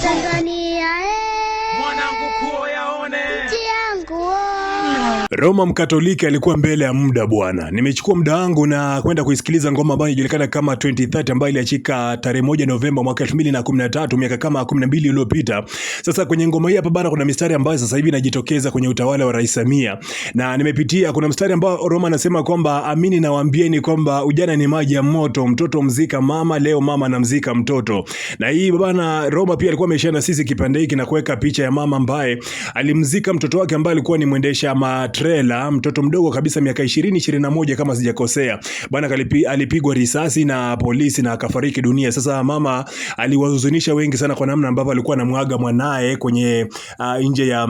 在和你。Roma Mkatoliki alikuwa mbele ya muda bwana. Nimechukua muda wangu na kwenda kuisikiliza ngoma ambayo inajulikana kama 2030 ambayo iliachika tarehe moja Novemba mwaka 2013 miaka kama 12 iliyopita. Sasa kwenye ngoma hii hapa bana kuna mistari ambayo sasa hivi inajitokeza kwenye utawala wa Rais Samia. Na nimepitia kuna mstari ambao Roma anasema kwamba amini nawaambieni kwamba ujana ni maji ya moto, mtoto mzika mama, leo mama namzika mtoto. Na hii bana Roma pia alikuwa ameshana sisi kipande hiki na kuweka picha ya mama ambaye alimzika mtoto wake ambaye alikuwa ni mwendesha ma trela, mtoto mdogo kabisa miaka 20 21 kama sijakosea bwana, alipigwa risasi na polisi na akafariki dunia. Sasa mama aliwahuzunisha wengi sana kwa namna ambavyo alikuwa anamwaga mwanae kwenye uh, nje ya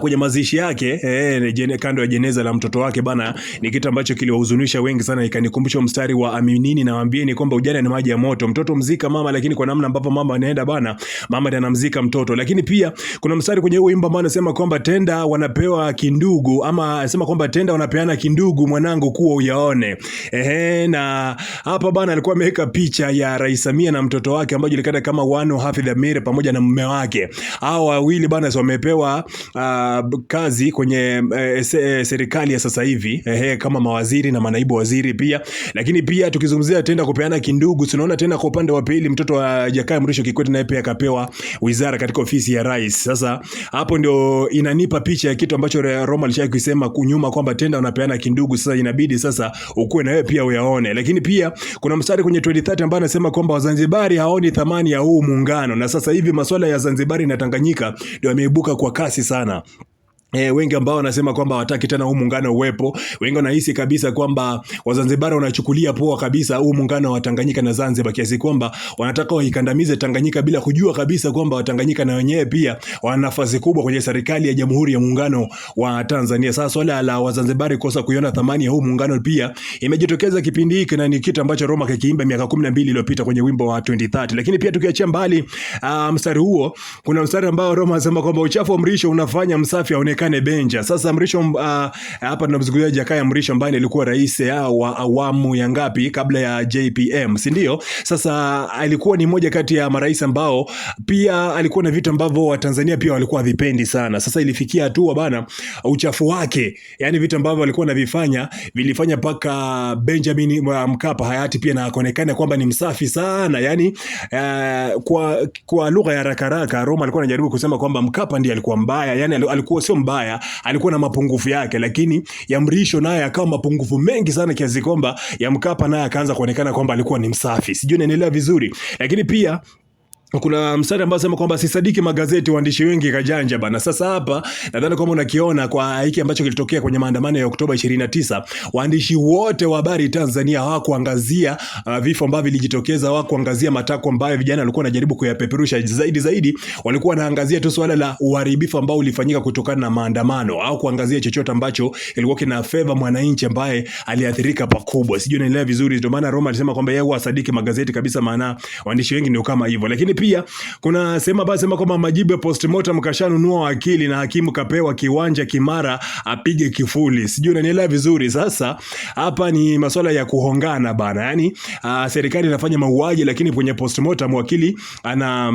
kwenye mazishi yake eh, kando ya jeneza la mtoto wake bana. Ni kitu ambacho kiliwahuzunisha wengi sana, ikanikumbusha mstari wa aminini na waambieni kwamba ujana ni maji ya moto. Mtoto mzika mama, lakini kwa namna ambavyo mama anaenda bana, mama ndiye anamzika mtoto. Lakini pia kuna mstari kwenye wimbo ambao anasema kwamba tenda wanapewa kin kindugu ama sema kwamba tenda unapeana kindugu mwanangu kuwa uyaone. Ehe, na hapa bana alikuwa ameweka picha ya Rais Samia na mtoto wake ambaye julikana kama Wanu Hafidh Amir pamoja na mume wake. Hao wawili bana wamepewa uh, kazi kwenye uh, se, eh, serikali ya sasa hivi ehe, kama mawaziri na manaibu waziri pia. Lakini pia tukizungumzia tenda kupeana kindugu, tunaona tena kwa upande wa pili mtoto wa Jakaya Mrisho Kikwete naye pia akapewa wizara katika ofisi ya rais. Sasa hapo ndio inanipa picha ya kitu ambacho Roma alisha kusema kunyuma kwamba tenda unapeana kindugu, sasa inabidi sasa ukuwe na wewe pia uyaone. Lakini pia kuna mstari kwenye 2030 ambaye anasema kwamba Wazanzibari haoni thamani ya huu muungano, na sasa hivi masuala ya Zanzibari na Tanganyika ndio yameibuka kwa kasi sana. E, wengi ambao wanasema kwamba hawataki tena huu muungano uwepo. Wengi wanahisi kabisa kwamba Wazanzibari wanachukulia poa kabisa huu muungano wa Tanganyika na Zanzibar kiasi kwamba wanataka waikandamize Tanganyika bila kujua kabisa kwamba Watanganyika na wenyewe pia wana nafasi kubwa kwenye serikali ya Jamhuri ya Muungano wa Tanzania. Sasa swala la Wazanzibari kosa kuiona thamani ya huu muungano pia imejitokeza kipindi hiki na ni kitu ambacho Roma kikiimba miaka 12 iliyopita kwenye wimbo wa 2030. Lakini pia tukiachia mbali uh, mstari huo kuna mstari ambao Roma anasema kwamba uchafu wa mrisho unafanya msafi aone Jakane Benja. Sasa Mrisho uh, hapa, uh, tunamzungumzia Jakaya Mrisho ambaye alikuwa rais uh, wa awamu ya ngapi kabla ya JPM, si ndio? Sasa uh, alikuwa ni moja kati ya marais ambao pia alikuwa na vitu ambavyo Watanzania pia walikuwa vipendi sana. Sasa ilifikia hatua bana, uchafu wake, yani vitu ambavyo alikuwa anavifanya vilifanya mpaka Benjamin Mkapa hayati pia na kuonekana kwamba ni msafi sana, yani uh, kwa kwa lugha ya rakaraka Roma alikuwa anajaribu kusema kwamba Mkapa ndiye alikuwa mbaya, yani alikuwa sio mbaya mabaya, alikuwa na mapungufu yake, lakini ya Mrisho naye akawa mapungufu mengi sana kiasi kwamba ya Mkapa naye akaanza kuonekana kwamba alikuwa ni msafi. Sijui naendelea vizuri, lakini pia kuna mstari ambao sema kwamba sisadiki magazeti, waandishi wengi kajanja bana. Sasa hapa nadhani kwamba unakiona kwa hiki ambacho kilitokea kwenye maandamano ya Oktoba 29, waandishi wote wa habari Tanzania hawakuangazia uh, vifo ambavyo vilijitokeza, hawakuangazia matako ambayo vijana walikuwa wanajaribu kuyapeperusha. Zaidi zaidi walikuwa wanaangazia tu swala la uharibifu ambao ulifanyika kutokana na maandamano, au kuangazia chochote ambacho ilikuwa kina favor mwananchi ambaye aliathirika pakubwa. Sijui naelewa vizuri, ndio maana Roma alisema kwamba yeye hasadiki magazeti kabisa, maana waandishi wengi ndio kama hivyo, lakini pia kuna sehemu ambayo sema kwamba majibu ya postmortem kashanunua wakili na hakimu kapewa kiwanja Kimara apige kifuli. Sijui unanielewa vizuri. Sasa hapa ni masuala ya kuhongana bana, yaani ah, serikali inafanya mauaji, lakini kwenye postmortem wakili ana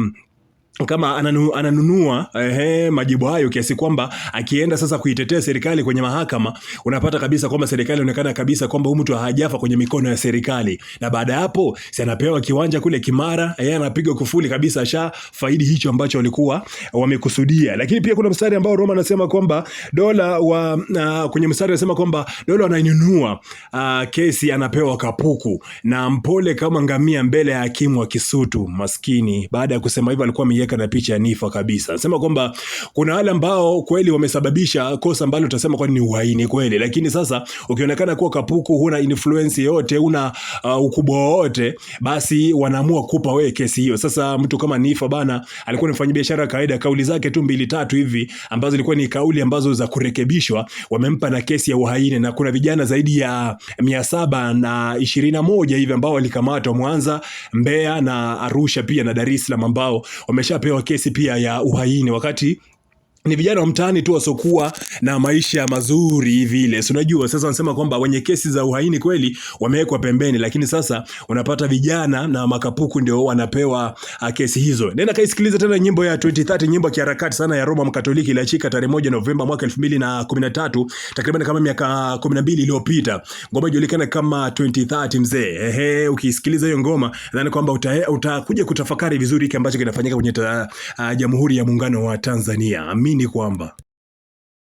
kama ananu, ananunua ehe, majibu hayo kiasi kwamba akienda sasa kuitetea serikali kwenye mahakama unapata kabisa kwamba serikali inaonekana kabisa kwamba huyu mtu hajafa kwenye mikono ya serikali. Na baada ya hapo, si anapewa kiwanja kule Kimara, yeye anapiga kufuli kabisa, sha faidi hicho ambacho walikuwa wamekusudia. Lakini pia kuna mstari ambao Roma anasema kwamba dola wa uh, kwenye mstari anasema kwamba dola anainunua uh, kesi anapewa kapuku na mpole kama ngamia mbele ya hakimu wa Kisutu. Maskini baada ya kusema hivyo alikuwa kujiweka na picha ya Nifa kabisa. Nasema kwamba kuna wale ambao kweli wamesababisha kosa ambalo utasema kwani ni uhaini kweli, lakini sasa ukionekana kuwa kapuku, huna influence yote, una uh, ukubwa wote, basi wanaamua kupa wewe kesi hiyo. Sasa mtu kama Nifa bana alikuwa ni mfanyabiashara kawaida, kauli zake tu mbili tatu hivi ambazo ilikuwa ni kauli ambazo za kurekebishwa, wamempa na kesi ya uhaini, na kuna vijana zaidi ya mia saba na ishirini na moja hivi ambao walikamatwa Mwanza, Mbeya na Arusha pia na Dar es Salaam ambao wamesha ishapewa kesi pia ya uhaini wakati ni vijana wa mtaani tu wasokuwa na maisha mazuri vile, si unajua. Sasa wanasema kwamba wenye kesi za uhaini kweli wamewekwa pembeni, lakini sasa unapata vijana na makapuku ndio wanapewa ah, kesi hizo. Nenda kaisikiliza tena nyimbo ya 2030 nyimbo ya kiharakati sana ya Roma Mkatoliki iliachika tarehe moja Novemba mwaka 2013 takriban kama miaka 12 iliyopita. Ngoma inajulikana kama 2030 mzee. Ehe, ukisikiliza hiyo ngoma nadhani kwamba utakuja uta kutafakari vizuri hiki ambacho kinafanyika kwenye uh, Jamhuri ya Muungano wa Tanzania. Amin ni kwamba